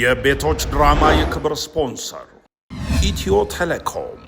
የቤቶች ድራማ የክብር ስፖንሰር ኢትዮ ቴሌኮም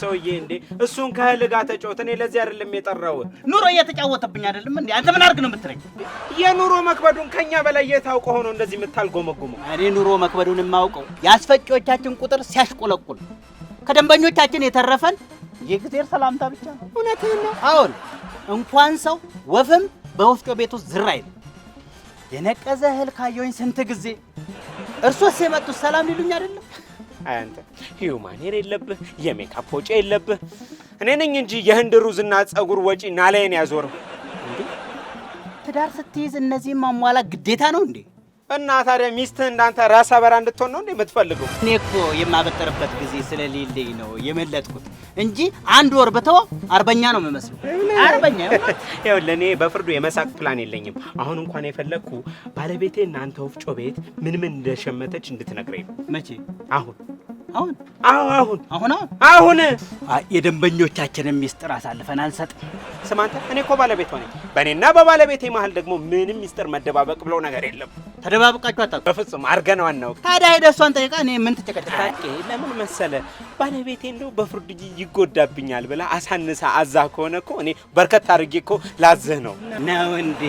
ሰውዬ እንዴ? እሱን ከእህል ጋር ተጫወት። እኔ ለዚህ አይደለም የጠራው። ኑሮ እየተጫወተብኝ አይደለም እንዴ? አንተ ምን አድርግ ነው የምትለኝ? የኑሮ መክበዱን ከኛ በላይ የታውቀ ሆኖ እንደዚህ የምታልጎመጉመው? እኔ ኑሮ መክበዱን የማውቀው የአስፈጪዎቻችን ቁጥር ሲያሽቆለቁል ከደንበኞቻችን የተረፈን የእግዜር ሰላምታ ብቻ ነው። እውነትህን ነው። አሁን እንኳን ሰው ወፍም በወፍጮ ቤት ውስጥ ዝር አይልም። የነቀዘ እህል ካየሁኝ ስንት ጊዜ እርሶስ የመጡት ሰላም ሊሉኝ አይደለም። አይ አንተ ሂዩማኔር የለብህ፣ የሜካፕ ወጪ የለብህ። እኔ ነኝ እንጂ የህንድ ሩዝና ጸጉር ወጪ ናላይን ያዞርም ትዳር ስትይዝ እነዚህ ማሟላት ግዴታ ነው እንዴ? እና ታዲያ ሚስትህ እንዳንተ ራስ አበራ እንድትሆን ነው እንዴ የምትፈልገው? እኔ እኮ የማበጠርበት ጊዜ ስለሌለኝ ነው የመለጥኩት። እንጂ አንድ ወር ብተው አርበኛ ነው የምመስለው። አርበኛ ያው ለኔ በፍርዱ የመሳቅ ፕላን የለኝም። አሁን እንኳን የፈለግኩ ባለቤቴ እናንተ ወፍጮ ቤት ምን ምን እንደሸመተች እንድትነግረኝ። መቼ? አሁን አሁን አሁን አሁን አሁን የደንበኞቻችንን ሚስጥር አሳልፈን አንሰጥም። ስማንተ እኔ እኮ ባለቤቷ ነኝ። በእኔና በባለቤቴ መሀል ደግሞ ምንም ሚስጥር መደባበቅ ብለው ነገር የለም። ተደባብቃችሁ አታውቁም? በፍጹም አድርገን ዋናው ታዲያ ሄደ እሷን ጠይቃ እኔ ምን ትጨቀጭቃለህ? ለምን መሰለ ባለቤቴ እንደው በፍርድ ይጎዳብኛል ብላ አሳንሳ አዛ ከሆነ እኮ እኔ በርከት አድርጌ እኮ ላዝህ ነው ነው እንዴ?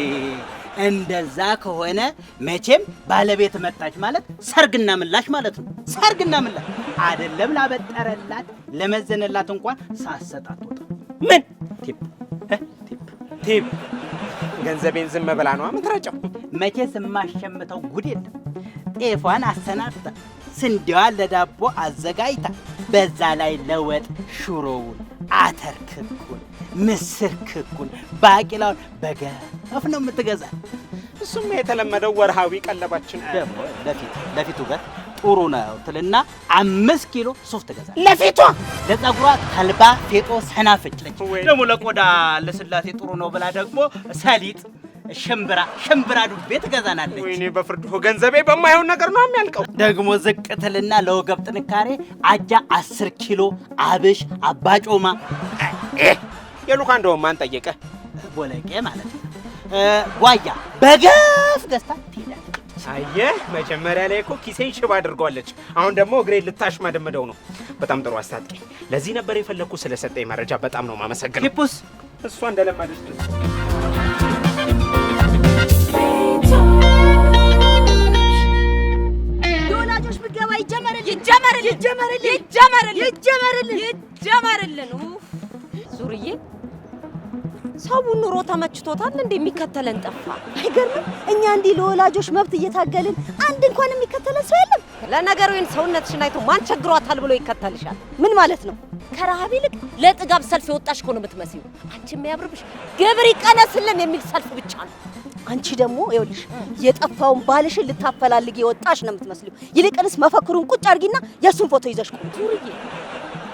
እንደዛ ከሆነ መቼም ባለቤት መጣች ማለት ሰርግና ምላሽ ማለት ነው። ሰርግና ምላሽ አይደለም። ላበጠረላት ለመዘነላት እንኳን ሳሰጣት ምን ቲፕ ገንዘቤን ዝም ብላ ነው የምትረጨው። መቼስ የማሸምተው ጉድ የለም። ጤፏን አሰናድታ ስንዴዋን ለዳቦ አዘጋጅታ በዛ ላይ ለወጥ ሽሮውን፣ አተር ክኩን፣ ምስር ክኩን፣ ባቂላውን በገፍ ነው የምትገዛ። እሱም የተለመደው ወርሃዊ ቀለባችን ደግሞ ለፊት ለፊት ውበት ጥሩ ነው ትልና አምስት ኪሎ ሱፍ ትገዛለች። ለፊቷ ለጸጉሯ ተልባ ፌጦ ሰናፍጭ ለች ደግሞ ለቆዳ ለስላሴ ጥሩ ነው ብላ ደግሞ ሰሊጥ ሽምብራ ሽምብራ ዱቤ ትገዛናለች። ወይኔ በፍርድ ገንዘቤ በማይሆን ነገር ነው የሚያልቀው። ደግሞ ዝቅትልና ለወገብ ጥንካሬ አጃ አስር ኪሎ አብሽ አባጮማ የሉካ እንደውም ማን ጠየቀ ቦለቄ ማለት ነው። ጓያ በገፍ ገዝታ ትሄዳለች። አየህ መጀመሪያ ላይ እኮ ኪሴን ሽባ አድርጓለች። አሁን ደግሞ እግሬ ልታሽ ማደመደው ነው። በጣም ጥሩ አስታጥቂ። ለዚህ ነበር የፈለግኩ። ስለሰጠኝ መረጃ በጣም ነው ማመሰግነው። ሂፑስ እሷ እንደለመደች የወላጆች ምገባ ይጀመርልን፣ ይጀመርልን፣ ይጀመርልን፣ ይጀመርልን፣ ይጀመርልን። ዙርዬ ሰው ኑሮ ተመችቶታል እንዴ? የሚከተለን ጠፋ። አይገርምም? እኛ እንዲህ ለወላጆች መብት እየታገልን አንድ እንኳን የሚከተለን ሰው የለም። ለነገሩ ይህን ሰውነትሽን አይቶ ማን ቸግሯታል ብሎ ይከተልሻል። ምን ማለት ነው? ከረሃብ ይልቅ ለጥጋብ ሰልፍ የወጣሽ እኮ ነው አንቺ የሚያብርብሽ ግብር ይቀነስልን የሚል ሰልፍ ብቻ ነው። አንቺ ደግሞ ይኸውልሽ የጠፋውን ባልሽን ልታፈላልግ የወጣሽ ነው የምትመስሉ። ይልቅንስ መፈክሩን ቁጭ አድርጊና የእሱን ፎቶ ይዘሽ ቁጭ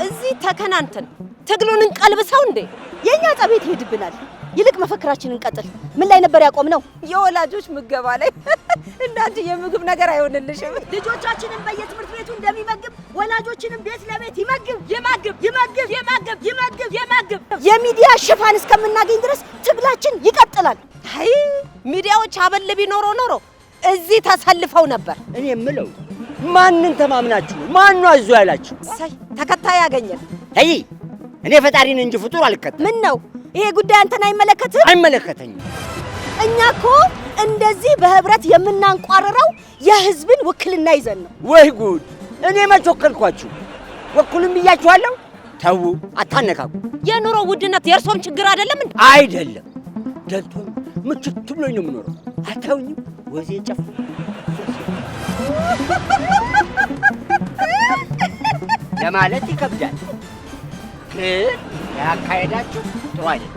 እዚህ ተከናንተን ትግሉን እንቀልብሰው እንዴ? የእኛ ጠቤት ይሄድብናል። ይልቅ መፈክራችን እንቀጥል። ምን ላይ ነበር ያቆምነው? የወላጆች ምገባ ላይ። እንዳንቺ የምግብ ነገር አይሆንልሽም። ልጆቻችንን በየትምህርት ቤቱ እንደሚመግብ ወላጆችንም ቤት ለቤት ይመግብ ይመግብ ይመግብ ይመግብ ይመግብ ይመግብ። የሚዲያ ሽፋን እስከምናገኝ ድረስ ትግላችን ይቀጥላል። አይ ሚዲያዎች አበል ቢኖሮ ኖሮ እዚህ ተሰልፈው ነበር። እኔ የምለው ማንን ተማምናችሁ ማን አዞ ያላችሁ? ሳይ ፈታ ያገኘህ። አይ እኔ ፈጣሪን እንጂ ፍጡር አልከተል። ምን ነው ይሄ ጉዳይ አንተን አይመለከትም? አይመለከተኝም። እኛ እኮ እንደዚህ በህብረት የምናንቋርረው የህዝብን ውክልና ይዘን ነው። ወይ ጉድ! እኔ መች ወከልኳችሁ? ወኩሉም ብያችኋለሁ። ተዉ፣ አታነካኩ። የኑሮ ውድነት የእርሶም ችግር አይደለም? አይደለም፣ ደልቶኝ ምችት ብሎኝ ነው የምኖረው። አታውኝም ወዜ ጨፍ ለማለት ይከብዳል፣ ግን ያካሄዳችሁ ጥሩ አይደለም።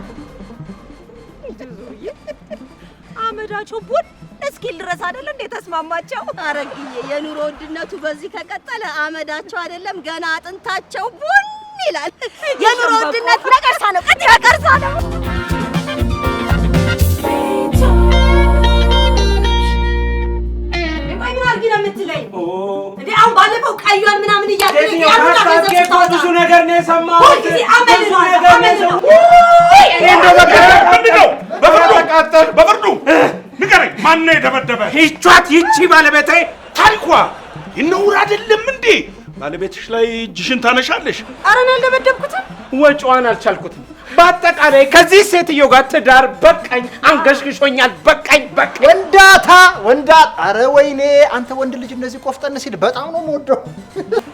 አመዳቸው ቡን እስኪል ድረስ አይደለ እንዴ ተስማማቸው። አረግዬ የኑሮ ውድነቱ በዚህ ከቀጠለ አመዳቸው አይደለም ገና አጥንታቸው ቡን ይላል። የኑሮ ውድነት ነቀርሳ ነው፣ ቀጥ ነቀርሳ ነው። የምትለኝ ባለፈው ቀዩን ምናምን ብዙ ነገር ነው የሰማሁት። በፍርዱ ንገረኝ፣ ማነው የደበደበ? ይቺ ባለቤቴ ይነውር አይደለም እንዴ? ባለቤትሽ ላይ እጅሽን ታነሻለሽ። ኧረ አልደበደብኩትም፣ ወጪዋን አልቻልኩትም በአጠቃላይ ከዚህ ሴትዮ ጋር ትዳር በቃኝ፣ አንገሽግሾኛል፣ በቃኝ በቃኝ። ወንዳታ ወንዳ፣ አረ ወይኔ! አንተ ወንድ ልጅ እንደዚህ ቆፍጠን ሲል በጣም ነው የምወደው።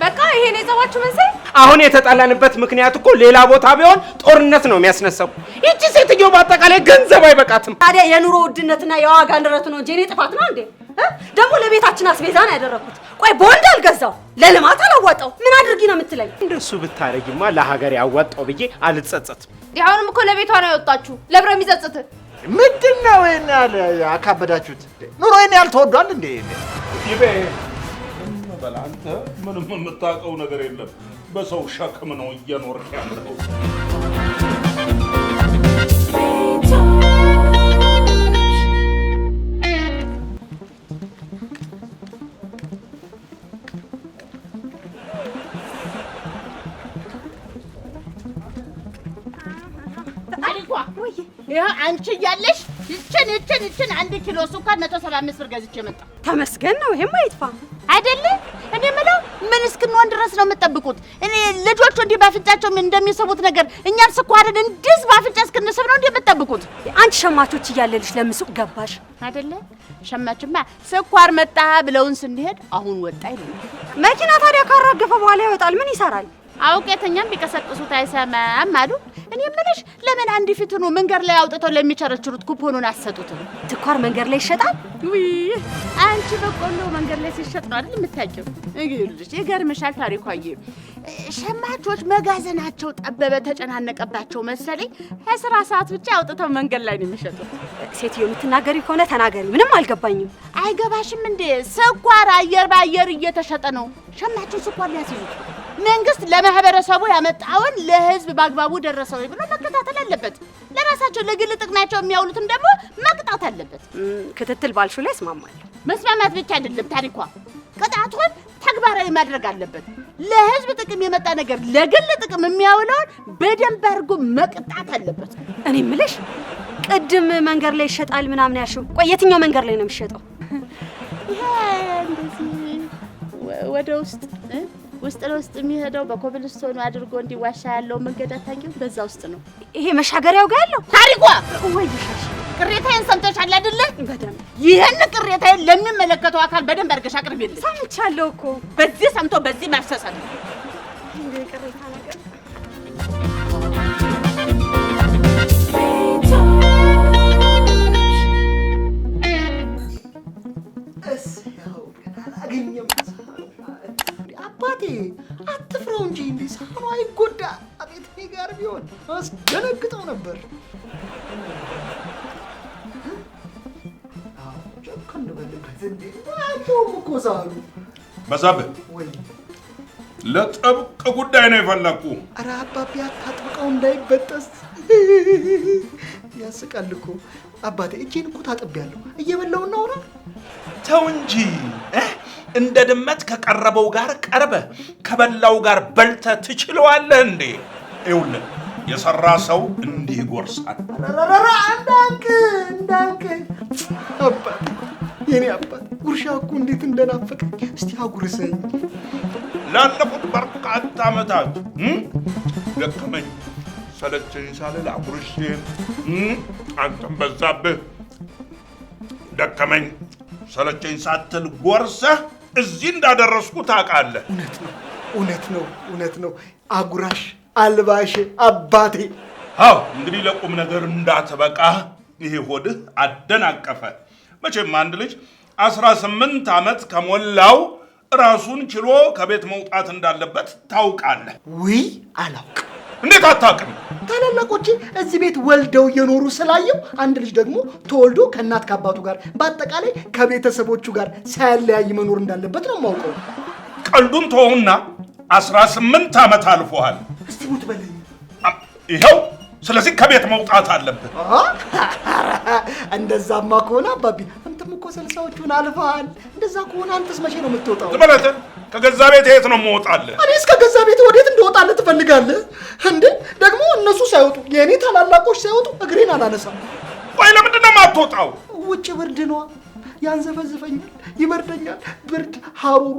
በቃ ይሄ ነው የጸባችሁ መንስኤ። አሁን የተጣላንበት ምክንያት እኮ ሌላ ቦታ ቢሆን ጦርነት ነው የሚያስነሳው። ይቺ ሴትዮ በአጠቃላይ ገንዘብ አይበቃትም። ታዲያ የኑሮ ውድነትና የዋጋ ንረት ነው እንጂ እኔ ጥፋት ነው እንዴ? ደግሞ ለቤታችን አስቤዛ ነው ያደረኩት። ቆይ ቦንድ አልገዛው ለልማት አላዋጣው ምን አድርጊ ነው የምትለኝ? እንደሱ ብታረጊማ ለሀገር ያዋጣው ብዬ አልጸጸትም። አሁንም እኮ ለቤቷ ነው ያወጣችሁ። ለብረ የሚጸጽት ምንድን ነው? ይሄን ያህል አካበዳችሁት። ኑሮ ይሄን ያህል ተወዷል እንዴ? አንተ ምንም የምታውቀው ነገር የለም። በሰው ሸክም ነው እየኖርክ ያለው ይኸው አንቺ እያለሽ ይችን ይችን ይችን አንድ ኪሎ ስኳር መቶ ሰባ አምስት ብር ገዝቼ መጣሁ። ተመስገን ነው። ይሄማ አይጥፋ አይደለ? እኔ የምለው ምን እስክንሆን ድረስ ነው የምጠብቁት? እኔ ልጆቹ እንዲህ ባፍንጫቸው እንደሚስቡት ነገር እኛም ስኳርን እንዲህ ባፍንጫ እስክንስብ ነው እንዲህ የምጠብቁት? አንቺ ሸማቾች እያለልሽ ለምሱቅ ገባሽ? አይደለ? ሸማችማ ስኳር መጣ ብለውን ስንሄድ አሁን ወጣ ይለናል። መኪና ታዲያ ካራገፈ በኋላ ይወጣል። ምን ይሰራል? አውቄ የተኛም ቢቀሰቅሱት አይሰማም አሉ እኔ የምልሽ ለምን አንድ ፊትኑ መንገድ ላይ አውጥተው ለሚቸረችሩት ኩፖኑን አሰጡትም? ትኳር መንገድ ላይ ይሸጣል? ውይ አንቺ በቆሎ መንገድ ላይ ሲሸጥ ነው አይደል የምታውቂው? እንግዲህ ይገርምሻል ታሪኳዬ። ሸማቾች መጋዘናቸው ጠበበ ተጨናነቀባቸው መሰለኝ። ከስራ ሰዓት ብቻ አውጥተው መንገድ ላይ ነው የሚሸጡት። ሴትዮ የምትናገሪ ከሆነ ተናገሪ፣ ምንም አልገባኝም። አይገባሽም እንዴ? ስኳር አየር በአየር እየተሸጠ ነው። ሸማቾች ስኳር ሊያስይዙት መንግስት ለማህበረሰቡ ያመጣውን ለህዝብ በአግባቡ ደረሰው ብሎ መከታተል አለበት። ለራሳቸው ለግል ጥቅማቸው የሚያውሉትም ደግሞ መቅጣት አለበት። ክትትል ባልሹ ላይ እስማማለሁ። መስማማት ብቻ አይደለም ታሪኳ፣ ቅጣቱን ተግባራዊ ማድረግ አለበት። ለህዝብ ጥቅም የመጣ ነገር ለግል ጥቅም የሚያውለውን በደንብ አድርጎ መቅጣት አለበት። እኔ ምልሽ ቅድም መንገድ ላይ ይሸጣል ምናምን ያልሽው፣ ቆይ የትኛው መንገድ ላይ ነው የሚሸጠው? ወደ ውስጥ ውስጥ ለውስጥ የሚሄደው በኮብልስቶኑ አድርጎ እንዲዋሻ ያለው መንገድ አታውቂውም? በዛ ውስጥ ነው ይሄ መሻገሪያው ጋር ያለው ታሪኳ። ወይ ቅሬታዬን ሰምተሻል አይደለ? በደንብ ይህን ቅሬታዬን ለሚመለከተው አካል በደንብ አድርገሽ አቅርቤልኝ። ሰምቻለሁ እኮ በዚህ ሰምቶ በዚህ ማፍሰሰ ነው ቅሬታ ነገር አትፍረው እንጂ እንዲ ሳህኑ አይጎዳ። አቤት እኔ ጋር ቢሆን አስደነግጠው ነበር። በዛብህ ለጥብቅ ጉዳይ ነው የፈለግኩ። ኧረ አባቢያ አታጥብቀው እንዳይበጠስ። ያስቃል እኮ አባቴ። እጄን እኮ ታጥቤያለሁ። እየበላው እናውራ። ተው እንጂ እንደ ድመት ከቀረበው ጋር ቀርበ ከበላው ጋር በልተ ትችለዋለህ እንዴ? ይውል የሰራ ሰው እንዲህ ይጎርሳል። እንዳንክ እንዳንክ አባት፣ የኔ አባት ጉርሻ እኮ እንዴት እንደናፈቀኝ እስቲ አጉርሰኝ። ላለፉት በርካታ ዓመታት ደከመኝ ሰለቸኝ ሳልል አጉርሼ አንተም በዛብህ ደከመኝ ሰለቸኝ ሳትል ጎርሰህ እዚህ እንዳደረስኩ ታውቃለህ። እውነት ነው፣ እውነት ነው። አጉራሽ አልባሽ አባቴ። አዎ እንግዲህ ለቁም ነገር እንዳትበቃ ይሄ ሆድህ አደናቀፈ። መቼም አንድ ልጅ አስራ ስምንት ዓመት ከሞላው ራሱን ችሎ ከቤት መውጣት እንዳለበት ታውቃለህ። ውይ አላውቅም እንዴት አታውቅም? ታላላቆቼ እዚህ ቤት ወልደው እየኖሩ ስላየው፣ አንድ ልጅ ደግሞ ተወልዶ ከእናት ከአባቱ ጋር በአጠቃላይ ከቤተሰቦቹ ጋር ሳያለያይ መኖር እንዳለበት ነው የማውቀው። ቀልዱን ተወውና አስራ ስምንት ዓመት አልፎሃል። እስቲ ሙት በልኝ ይኸው ስለዚህ ከቤት መውጣት አለብን። እንደዛማ ከሆነ አባቢ አንተም እኮ ስልሳዎቹን አልፈሃል። እንደዛ ከሆነ አንተስ መቼ ነው የምትወጣው? በለት ከገዛ ቤት የት ነው መወጣለ? እኔስ ከገዛ ቤት ወዴት እንደወጣልህ ትፈልጋለህ እንዴ? ደግሞ እነሱ ሳይወጡ የእኔ ታላላቆች ሳይወጡ እግሬን አላነሳም። ቆይ ለምንድን ነው የማትወጣው? ውጭ ብርድ ነዋ። ያንዘፈዝፈኛል፣ ይበርደኛል። ብርድ ሐሩሩ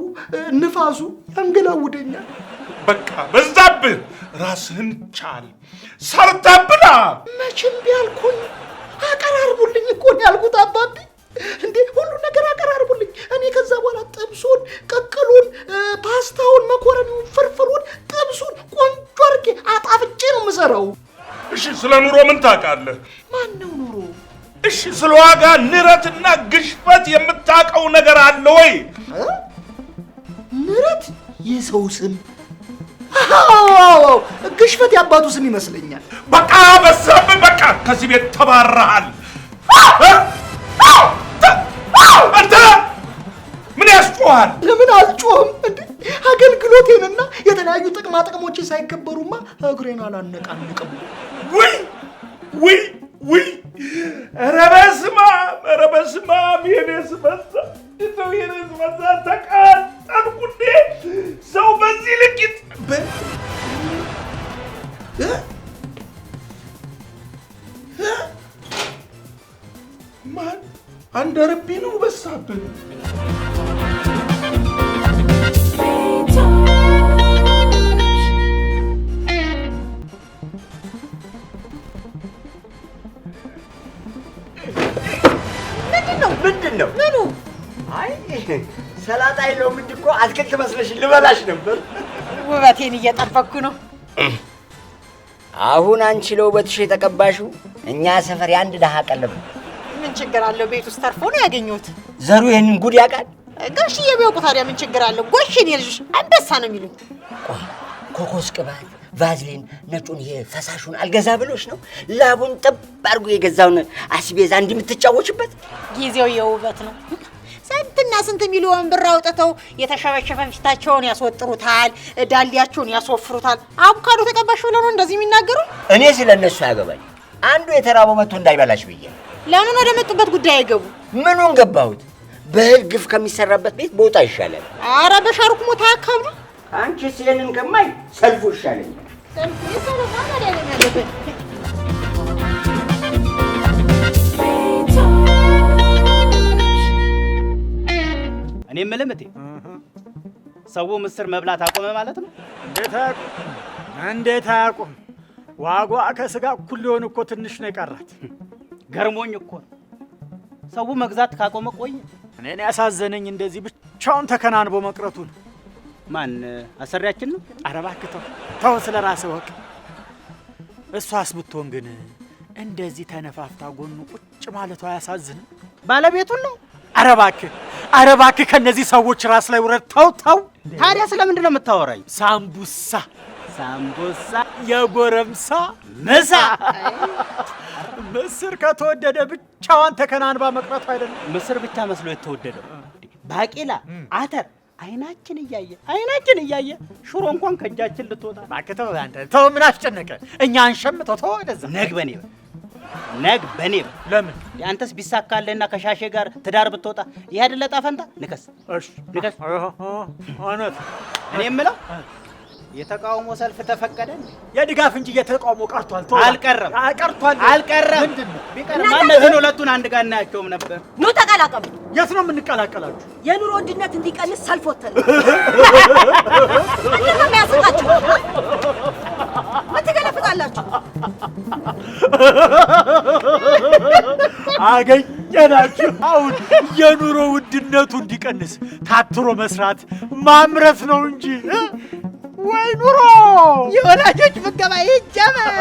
ንፋሱ ያንገላውደኛል። በቃ በዛብህ። ራስህን ቻል። ሰርተብላ። ብላ። መቼም ቢያልኩኝ አቀራርቡልኝ እኮ ያልኩት አባቢ እንዴ ሁሉ ነገር አቀራርቡልኝ። እኔ ከዛ በኋላ ጥብሱን፣ ቅቅሉን፣ ፓስታውን፣ መኮረኒውን፣ ፍርፍሩን፣ ጥብሱን ቆንጆ አድርጌ አጣፍጬ ነው የምሰራው። እሺ፣ ስለ ኑሮ ምን ታውቃለህ? ማን ነው ኑሮ? እሺ፣ ስለ ዋጋ ንረትና ግሽበት የምታውቀው ነገር አለ ወይ? ንረት የሰው ስም ግሽበት ያባቱ ስም ይመስለኛል። በቃ በሰብ በቃ ከዚህ ቤት ተባረሃል። አንተ ምን ያስጮሃል? ለምን አልጮህም? አገልግሎቴንና የተለያዩ ጥቅማ ጥቅሞቼ ሳይከበሩማ እግሬን አላነቃንቅም። ውይ ውይ ውይ ውበቴን እየጠበቅኩ ነው። አሁን አንቺ ለውበትሽ የተቀባሽው እኛ ሰፈር የአንድ ድሃ ቀለብ ምን ችግር አለው? ቤት ውስጥ ተርፎ ነው ያገኘሁት። ዘሩ ይህንን ጉድ ያውቃል። ጋሽ ቢያውቁ ታዲያ ምን ችግር አለው? ጎሽን የልጅሽ ልጆች አንበሳ ነው የሚሉኝ። ኮኮስ ቅባት፣ ቫዝሊን፣ ነጩን ይሄ ፈሳሹን አልገዛ ብሎች ነው ላቡን ጥብ አድርጎ የገዛውን አስቤዛ እንዲህ የምትጫወችበት ጊዜው የውበት ነው። ስንትና ስንት ሚሊዮን ብር አውጥተው የተሸበሸበ ፊታቸውን ያስወጥሩታል፣ ዳሊያቸውን ያስወፍሩታል። አቮካዶ ተቀባሽ ብለው ነው እንደዚህ የሚናገሩ። እኔ ስለ እነሱ ያገባኝ አንዱ የተራበው መጥቶ እንዳይበላሽ ብዬ። ለምን ወደ መጡበት ጉዳይ አይገቡ? ምኑን ገባሁት? በእህል ግፍ ከሚሰራበት ቤት ቦታ ይሻላል። አረ በሻሩክ ሞታ አካብዱ። አንቺ ሲሄንን ከማይ ሰልፉ ይሻለኛል። ማለት እኔ የምልህ ሰው ምስር መብላት አቆመ ማለት ነው? እንዴት አያቁም? ዋጓ ከስጋ እኩል ሊሆን እኮ ትንሽ ነው የቀራት። ገርሞኝ እኮ ሰው መግዛት ካቆመ ቆየ። እኔን ያሳዘነኝ እንደዚህ ብቻውን ተከናንቦ መቅረቱ ነው። ማን አሰሪያችን ነው? ኧረ እባክህ ተው ተው፣ ስለ ወቅ። እሷስ ብትሆን ግን እንደዚህ ተነፋፍታ ጎኑ ቁጭ ማለቷ አያሳዝንም? ባለቤቱን ነው ኧረ እባክህ ኧረ እባክህ ከእነዚህ ሰዎች ራስ ላይ ውረድ። ተው ተው። ታዲያ ስለምንድን ነው የምታወራኝ? ሳምቡሳ ሳምቡሳ የጎረምሳ ምሳ። ምስር ከተወደደ ብቻዋን ተከናንባ መቅረቱ አይደለም። ምስር ብቻ መስሎ የተወደደው ባቂላ፣ አተር አይናችን እያየ አይናችን እያየ ሽሮ እንኳን ከእጃችን ልትወጣ። እባክህ ተው አንተ ተው። ምን አስጨነቀ? እኛ አንሸምተው ተው። ወደዛ ነግበኔ ነግ በኔ ለምን ያንተስ ቢሳካልህና ከሻሼ ጋር ትዳር ብትወጣ ይህ አይደለ ዕጣ ፈንታ? ንከስ ንከስ። እኔ የምለው የተቃውሞ ሰልፍ ተፈቀደ? የድጋፍ እንጂ የተቃውሞ ቀርቷል። አልቀረም ቀርቷል፣ አልቀረም። ቢቀርም እነዚህን ሁለቱን አንድ ጋር እናያቸውም ነበር። ኑ ተቀላቀሉ። የት ነው የምንቀላቀላችሁ? የኑሮ ውድነት እንዲቀንስ ሰልፍ ወተን ነው ትገባላችሁ። አገኘናችሁ። አሁን የኑሮ ውድነቱ እንዲቀንስ ታትሮ መስራት ማምረት ነው እንጂ ወይ ኑሮ የወላጆች ምገባ ይጀመር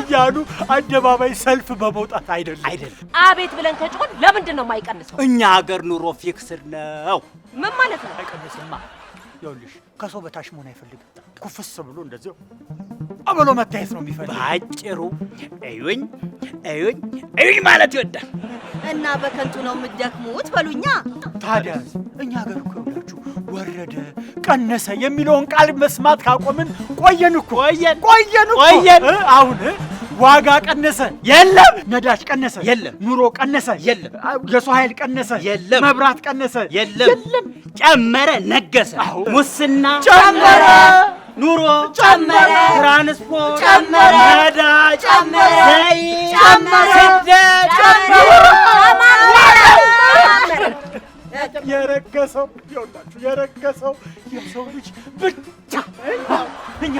እያሉ አደባባይ ሰልፍ በመውጣት አይደለም አይደለም አቤት ብለን ከጮን ለምንድን ነው የማይቀንሰው? እኛ ሀገር ኑሮ ፊክስድ ነው። ምን ማለት ነው? አይቀንስማ። ይኸውልሽ ከሰው በታች መሆን አይፈልግም። ኩፍስ ብሎ እንደዚያው ብሎ መታየት ነው የሚፈልግ። ባጭሩ እዩኝ እዩኝ እዩኝ ማለት ይወዳል እና በከንቱ ነው የምትደክሙት በሉኛ። ታዲያ እኛ ሀገር እኮ ይኸውላችሁ ወረደ ቀነሰ የሚለውን ቃል መስማት ካቆምን ቆየን እኮ ቆየን ቆየን ቆየን። አሁን ዋጋ ቀነሰ የለም፣ ነዳጅ ቀነሰ የለም፣ ኑሮ ቀነሰ የለም፣ የሰው ኃይል ቀነሰ የለም፣ መብራት ቀነሰ የለም፣ ጨመረ ነገሰ። ሙስና ጨመረ ኑሮ ጨመረ፣ ትራንስፖርት ጨመረ፣ ነዳጅ ጨመረ፣ ዘይት ጨመረ፣ ስደት ጨመረ፣ የረገሰው ይኸውላችሁ የረገሰው የሰው ልጅ ብቻ እኛ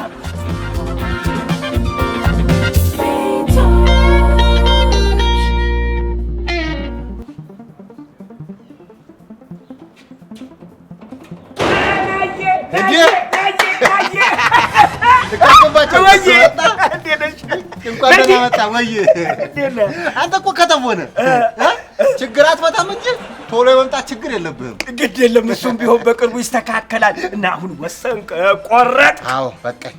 እንዴ አንተ እኮ ከተማ ሆነ ችግር አትመጣም እንጂ ቶሎ የመምጣት ችግር የለብህም። ግድ የለም እሱም ቢሆን በቅርቡ ይስተካከላል። እና አሁን ወሰንክ ቆረጥ? አዎ በቃኝ።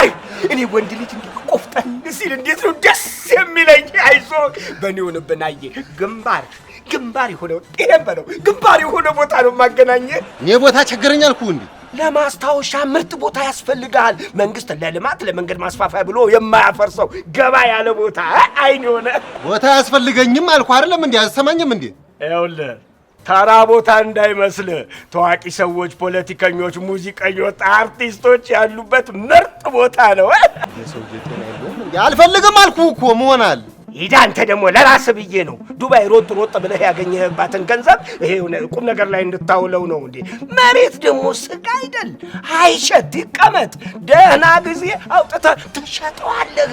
አይ እኔ ወንድ ልጅ እንዲህ ቆፍጠን ሲል እንዴት ነው ደስ የሚለኝ? አይዞህ በእኔ ሆነብን። አየህ ግንባር ግንባር የሆነ ይሄን በለው ግንባር የሆነ ቦታ ነው የማገናኘህ። እኔ ቦታ ቸገረኝ አልኩህ እንዴ ለማስታወሻ ምርጥ ቦታ ያስፈልጋል። መንግስት ለልማት ለመንገድ ማስፋፋያ ብሎ የማያፈርሰው ገባ ያለ ቦታ አይን የሆነ ቦታ ያስፈልገኝም አልኩ አይደለም እንዴ? አልሰማኝም እንዴ? ይኸውልህ ተራ ቦታ እንዳይመስል ታዋቂ ሰዎች፣ ፖለቲከኞች፣ ሙዚቀኞች፣ አርቲስቶች ያሉበት ምርጥ ቦታ ነው። አልፈልግም አልኩ እኮ መሆናል ሂድ አንተ ደግሞ ለራስህ ብዬ ነው። ዱባይ ሮጥ ሮጥ ብለህ ያገኘህባትን ገንዘብ ይሄ ቁም ነገር ላይ እንድታውለው ነው እንዴ? መሬት ደግሞ ስጋ አይደል? አይሸት ይቀመጥ። ደህና ጊዜ አውጥተህ ትሸጠዋለህ።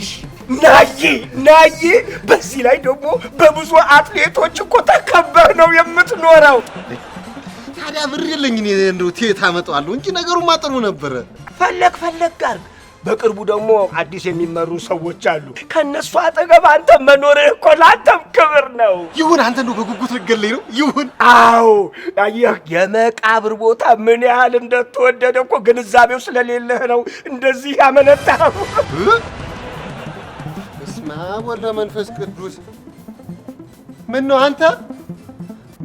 እሺ ናይ ናይ። በዚህ ላይ ደግሞ በብዙ አትሌቶች እኮ ተከበህ ነው የምትኖረው። ታዲያ ብር የለኝ እኔ እንደው ቴት አመጣዋለሁ እንጂ ነገሩማ ጥሩ ነበረ። ፈለግ ፈለግ አድርግ በቅርቡ ደግሞ አዲስ የሚመሩ ሰዎች አሉ። ከእነሱ አጠገብ አንተ መኖር እኮ ለአንተም ክብር ነው። ይሁን አንተ ነው በጉጉት ልገለኝ ነው ይሁን። አዎ አየህ፣ የመቃብር ቦታ ምን ያህል እንደተወደደ እኮ ግንዛቤው ስለሌለህ ነው እንደዚህ ያመነታው። በስመ አብ ወወልድ ወመንፈስ ቅዱስ ምን ነው አንተ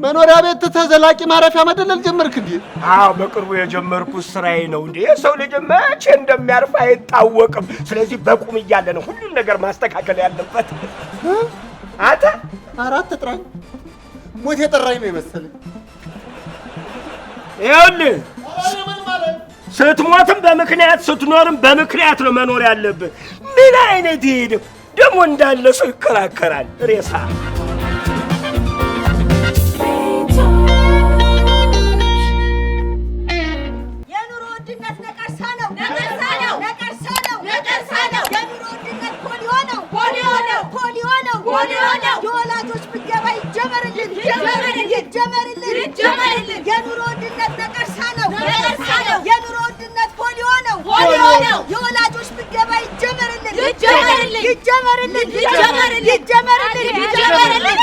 መኖሪያ ቤት ተዘላቂ ማረፊያ መደለል ጀመርክ እንዴ? አዎ በቅርቡ የጀመርኩት ስራዬ ነው እንዴ። የሰው ልጅ መቼ እንደሚያርፍ አይታወቅም። ስለዚህ በቁም እያለ ነው ሁሉን ነገር ማስተካከል ያለበት። አንተ አራት ተጥራኝ ሞት የጠራኝ ነው የመሰለኝ። ይኸውልህ ስትሞትም በምክንያት ስትኖርም በምክንያት ነው መኖር ያለብህ። ምን አይነት ይሄድ ደግሞ እንዳለ ሰው ይከራከራል ሬሳ የኑሮ ውድነት ነቀርሳ ነው። የኑሮ ውድነት ፖሊዮ ነው። የወላጆች ምገባ ይጀመርልን፣ ይጀመርልን፣ ይጀመርልን፣ ይጀመርልን፣ ይጀመርልን።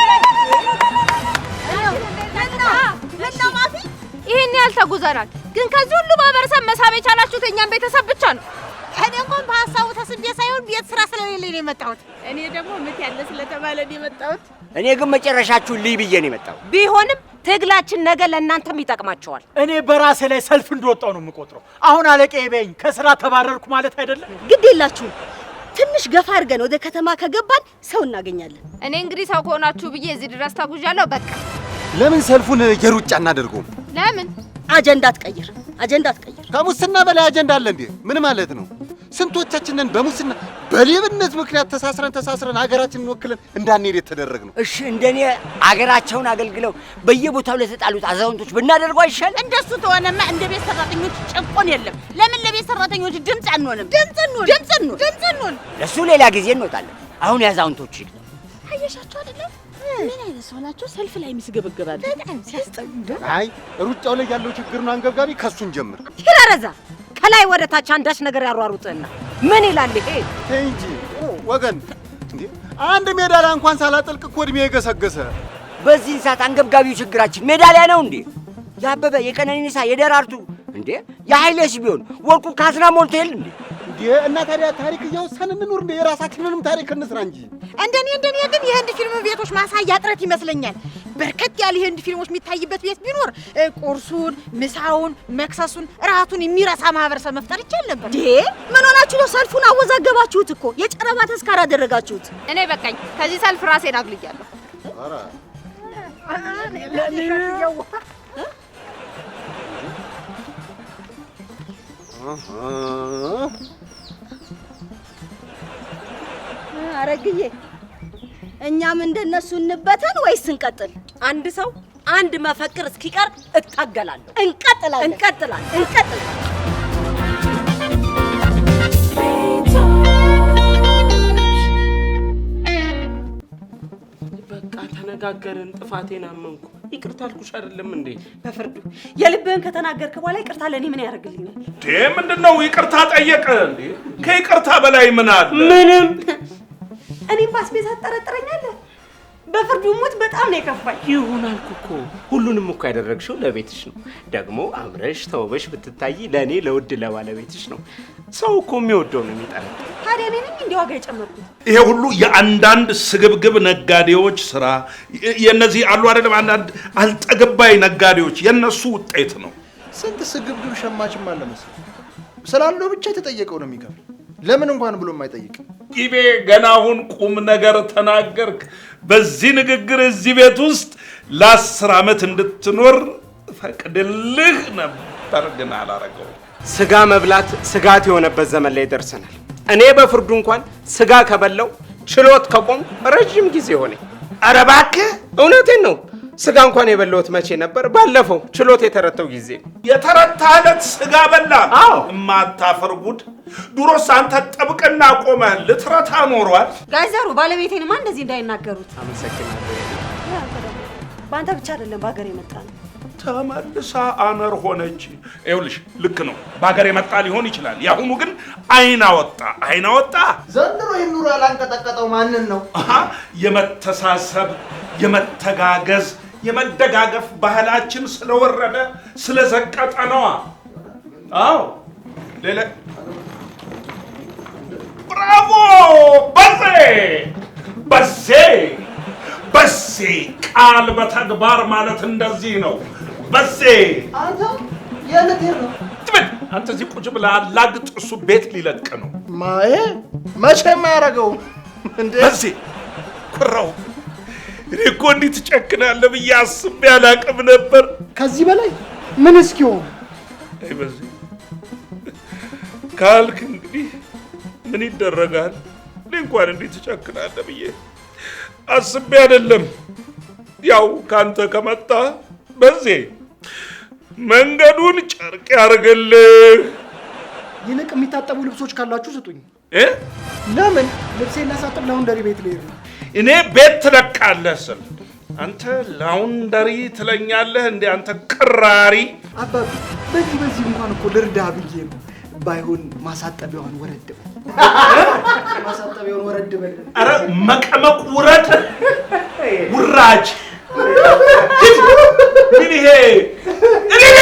ማፊ ይህን ያህል ተጉዘናል፣ ግን ከዚህ ሁሉ ማህበረሰብ መሳብ የቻላችሁት እኛም ቤተሰብ ብቻ ነው። እኔ እንኳን በሀሳቡ ተስቤ ሳይሆን ቤት ስራ ስለሌለኝ ነው የመጣሁት። እኔ ደግሞ ምት ያለ ስለተባለ ነው የመጣሁት። እኔ ግን መጨረሻችሁን ልይ ብዬ ነው የመጣሁት ቢሆንም ትግላችን ነገ ለእናንተም ይጠቅማቸዋል። እኔ በራሴ ላይ ሰልፍ እንደወጣው ነው የምቆጥረው። አሁን አለቄ በይኝ ከስራ ተባረርኩ ማለት አይደለም። ግድ የላችሁ፣ ትንሽ ገፋ አድርገን ወደ ከተማ ከገባን ሰው እናገኛለን። እኔ እንግዲህ ሰው ከሆናችሁ ብዬ እዚህ ድረስ ተጉዣለሁ። በቃ ለምን ሰልፉን የሩጫ እናደርገውም? ለምን አጀንዳ ትቀይር፣ አጀንዳ ትቀይር። ከሙስና በላይ አጀንዳ አለ እንዴ? ምን ማለት ነው? ስንቶቻችንን በሙስና በሌብነት ምክንያት ተሳስረን ተሳስረን ሀገራችንን ወክለን እንዳንሄድ የተደረግ ነው። እሺ እንደኔ አገራቸውን አገልግለው በየቦታው ለተጣሉት አዛውንቶች ብናደርጉ አይሻል? እንደሱ ተሆነማ እንደ ቤት ሰራተኞች ጭቆን የለም። ለምን ለቤት ሰራተኞች ድምፅ አንሆንም? ድምፅ እንሆን፣ ድምፅ እንሆን፣ ድምፅ እንሆን። ለሱ ሌላ ጊዜ እንወጣለን። አሁን የአዛውንቶች አየሻቸው አይደለም? ምን አይነት ሰው ናቸው? ሰልፍ ላይ የሚስገበገባሉ። በጣም አይ ሩጫው ላይ ያለው ችግር ነው አንገብጋቢ። ከሱን ጀምር ይራረዛ ከላይ ወደ ታች አንዳች ነገር ያሯሩጥህና ምን ይላል ይሄ? ተይ እንጂ ወገን፣ አንድ ሜዳሊያ እንኳን ሳላጠልቅ እኮ እድሜ የገሰገሰ። በዚህን ሰዓት አንገብጋቢው ችግራችን ሜዳሊያ ነው እንዴ? የአበበ የቀነኒሳ የደራርቱ እንዴ የኃይሌስ ቢሆን ወርቁ ካዝና ሞልቶ የለ እንዴ? እና ታዲያ ታሪክ እየወሰን እንኑር እንዴ? የራሳችንንም ታሪክ እንስራ እንጂ። እንደኔ እንደኔ ግን የህንድ ፊልም ቤቶች ማሳያ ጥረት ይመስለኛል በርከት ያለ የህንድ ፊልሞች የሚታይበት ቤት ቢኖር ቁርሱን፣ ምሳውን፣ መክሰሱን፣ ራቱን የሚረሳ ማህበረሰብ መፍጠር ይቻል ነበር። ምን ሆናችሁ ነው? ሰልፉን አወዛገባችሁት እኮ የጨረባ ተስካር አደረጋችሁት። እኔ በቃኝ፣ ከዚህ ሰልፍ ራሴን አግልያለሁ። አረግዬ እኛም እንደነሱ እንበተን ወይስ እንቀጥል? አንድ ሰው አንድ መፈክር እስኪቀር እታገላለሁ። እንቀጥላለን፣ እንቀጥላለን፣ እንቀጥላለን። በቃ ተነጋገርን። ጥፋቴን አመንኩ። ይቅርታ አልኩሽ አይደለም እንዴ? በፍርዱ የልብህን ከተናገርክ በኋላ ይቅርታ ለእኔ ምን ያደርግልኛል? ዴ ምንድን ነው ይቅርታ ጠየቀ ከይቅርታ በላይ ምን አለ? ምንም። እኔም ባስቤዛ ትጠረጥረኛለህ በፍርዱ ሞት በጣም ነው የከፋኝ። ይሁን አልኩ እኮ ሁሉንም እኮ ያደረግሽው ለቤትሽ ነው። ደግሞ አምረሽ ተውበሽ ብትታይ ለእኔ ለውድ ለባለቤትሽ ነው። ሰው እኮ የሚወደው ነው የሚጠላ። ታዲያ እኔንም እንዲ ዋጋ የጨመርኩት ይሄ ሁሉ የአንዳንድ ስግብግብ ነጋዴዎች ስራ፣ የነዚህ አሉ አይደለም አንዳንድ አልጠገባይ ነጋዴዎች የእነሱ ውጤት ነው። ስንት ስግብግብ ሸማችም አለ መሰለኝ ስላለው ብቻ የተጠየቀው ነው የሚከፍል ለምን እንኳን ብሎ የማይጠይቅ ቂቤ። ገና አሁን ቁም ነገር ተናገርክ። በዚህ ንግግር እዚህ ቤት ውስጥ ለአስር ዓመት እንድትኖር ፈቅድልህ ነበር፣ ግን አላረገው። ስጋ መብላት ስጋት የሆነበት ዘመን ላይ ደርሰናል። እኔ በፍርዱ እንኳን ስጋ ከበላው ችሎት ከቆም ረዥም ጊዜ ሆነ። ኧረ እባክህ እውነቴን ነው። ስጋ እንኳን የበላሁት መቼ ነበር? ባለፈው ችሎት የተረተው ጊዜ የተረታ ዕለት ስጋ በላ። አዎ እማታፍር ጉድ! ድሮስ አንተ ጥብቅና ቆመ ልትረታ ኖሯል። ጋይዘሩ ባለቤቴንማ እንደዚህ እንዳይናገሩት። አመሰግናለሁ። በአንተ ብቻ አይደለም በሀገር የመጣ ነው። ተመልሳ አመር ሆነች። ይኸውልሽ ልክ ነው፣ በሀገር የመጣ ሊሆን ይችላል። የአሁኑ ግን አይና ወጣ አይና ወጣ። ዘንድሮ ይህን ኑሮ ያላንቀጠቀጠው ማንን ነው? የመተሳሰብ የመተጋገዝ የመደጋገፍ ባህላችን ስለወረደ ስለዘቀጠ ነዋ። አዎ ብራቮ! በዜ በዜ በዜ። ቃል በተግባር ማለት እንደዚህ ነው። በዜ አንተ እዚህ ቁጭ ብለህ አላግጥ። እሱ ቤት ሊለቅ ነው። ማዬ መቼም አያደርገው እንዴ በዜ ኩራው እኔ እኮ እንዲህ ትጨክናለህ ብዬ አስቤ አላቅም ነበር። ከዚህ በላይ ምን እስኪሆን አይበዚህ ካልክ እንግዲህ ምን ይደረጋል። እኔ እንኳን እንዲህ ትጨክናለህ ብዬ አስቤ አይደለም። ያው ካንተ ከመጣ በዚህ መንገዱን ጨርቅ ያርግልህ። ይልቅ የሚታጠቡ ልብሶች ካላችሁ ስጡኝ። ለምን ልብሴ ላሳጥብ? ለአሁን ደሪ ቤት ልሄድ ነው እኔ ቤት ትለቃለህ ስል አንተ ላውንደሪ ትለኛለህ። እንዲ አንተ ቅራሪ አባቢ በዚህ በዚህ እንኳን እኮ ልርዳ ብዬ ነው። ባይሆን ማሳጠቢያውን ወረድ በል፣ ማሳጠቢያውን ወረድ በል። ኧረ መቀመቅ ውረድ፣ ውራጅ ግን ይሄ እኔ